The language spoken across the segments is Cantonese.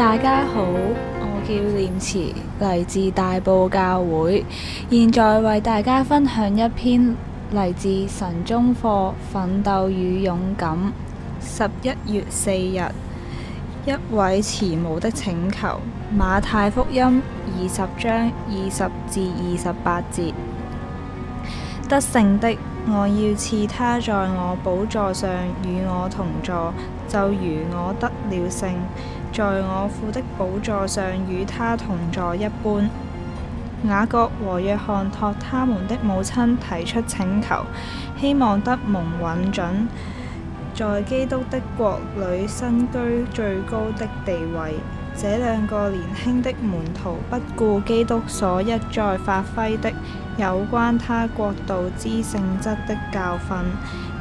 大家好，我叫念慈，嚟自大埔教會，現在為大家分享一篇嚟自神中課《奮鬥與勇敢》十一月四日一位慈母的請求，馬太福音二十章二十至二十八節，得勝的，我要賜他在我寶座上與我同坐，就如我得了勝。在我父的寶座上與他同坐一般。雅各和約翰託他們的母親提出請求，希望得蒙允准，在基督的國裏身居最高的地位。這兩個年輕的門徒不顧基督所一再發揮的有關他國道之性質的教訓。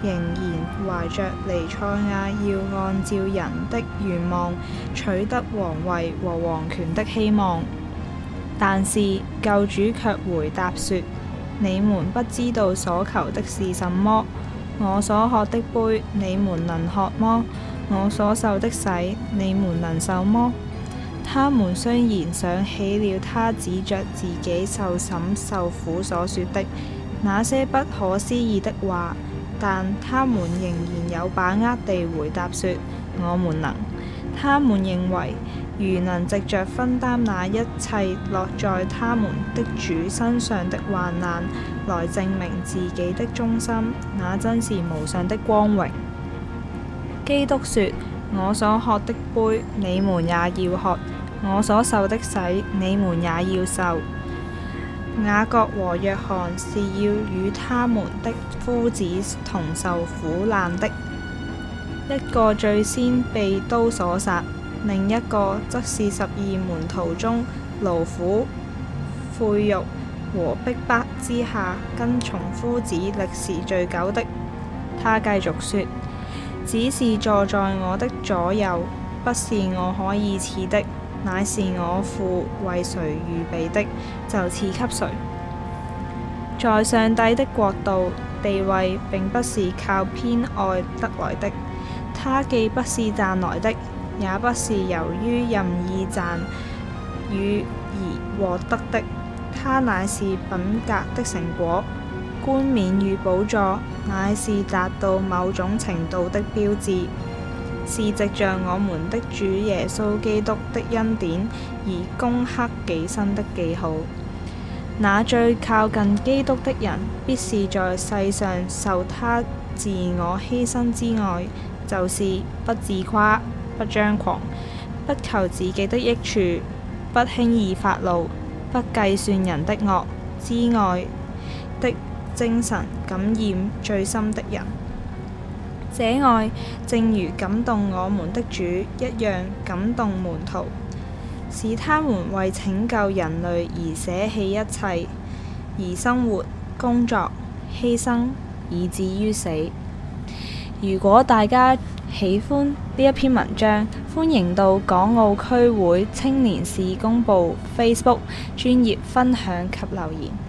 仍然懷着彌賽亞要按照人的願望取得皇位和王權的希望，但是救主卻回答說，你們不知道所求的是什麼。我所喝的杯你們能喝麼？我所受的洗你們能受麼？他們雖然想起了他指着自己受審受苦所說的那些不可思議的話。但他們仍然有把握地回答說，我們能。他們認為，如能藉着分擔那一切落在他們的主身上的患難，來證明自己的忠心，那真是無上的光榮。基督說：我所喝的杯，你們也要喝；我所受的洗，你們也要受。雅各和約翰是要與他們的夫子同受苦難的，一個最先被刀所殺，另一個則是十二門徒中勞苦、侮辱和逼迫之下跟從夫子歷時最久的。他繼續說：只是坐在我的左右，不是我可以賜的。乃是我父為誰預備的，就賜給誰。在上帝的國度，地位並不是靠偏愛得來的，它既不是賺來的，也不是由於任意賺與而獲得的，它乃是品格的成果。冠冕與寶座，乃是達到某種程度的標誌。是藉著我們的主耶穌基督的恩典而攻克己身的記號。那最靠近基督的人，必是在世上受他自我犧牲之愛，就是不自誇、不張狂、不求自己的益處、不輕易發怒、不計算人的惡之愛的精神感染最深的人。這愛正如感動我們的主一樣感動門徒，使他們為拯救人類而捨棄一切，而生活、工作、犧牲，以至於死。如果大家喜歡呢一篇文章，歡迎到港澳區會青年事工部 Facebook 專頁分享及留言。